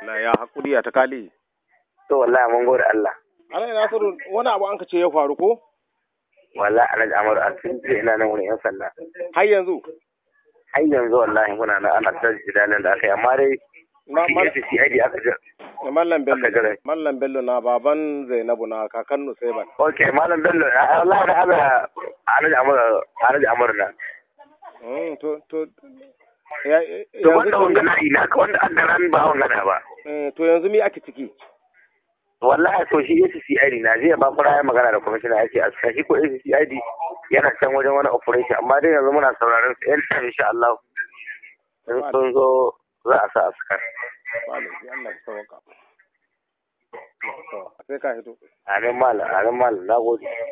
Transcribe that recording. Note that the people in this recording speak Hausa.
Alhamdulillah ya haƙuri ya ta kali. To wallahi mun gode Allah. Alhaji Nasiru wani abu an ka ce ya faru ko? Wallahi Alhaji Amaru an tun ina nan wurin 'yan sanda. Har yanzu? Har yanzu wallahi muna nan ana ta jidalin da aka yi amma dai. Shi aka ji. Mallam Bello. Mallam Bello na baban Zainabu na kakan ban. Okay Mallam Bello Allah na haɗa Alhaji Amaru Alhaji Amaru na. Mm, to to. ya wanda wanda na ina ka wanda an ba wanda na ba. Eh, to yanzu me ake ciki wallahi to shi ACCID na jiya ba ya magana da kwamishina ya ce a shi ko ACCID yana can wajen wani operation amma dai yanzu muna sauraron su yan tafi insha Allah in sun zo za a sa askar Amin malam, amin malam, na gode.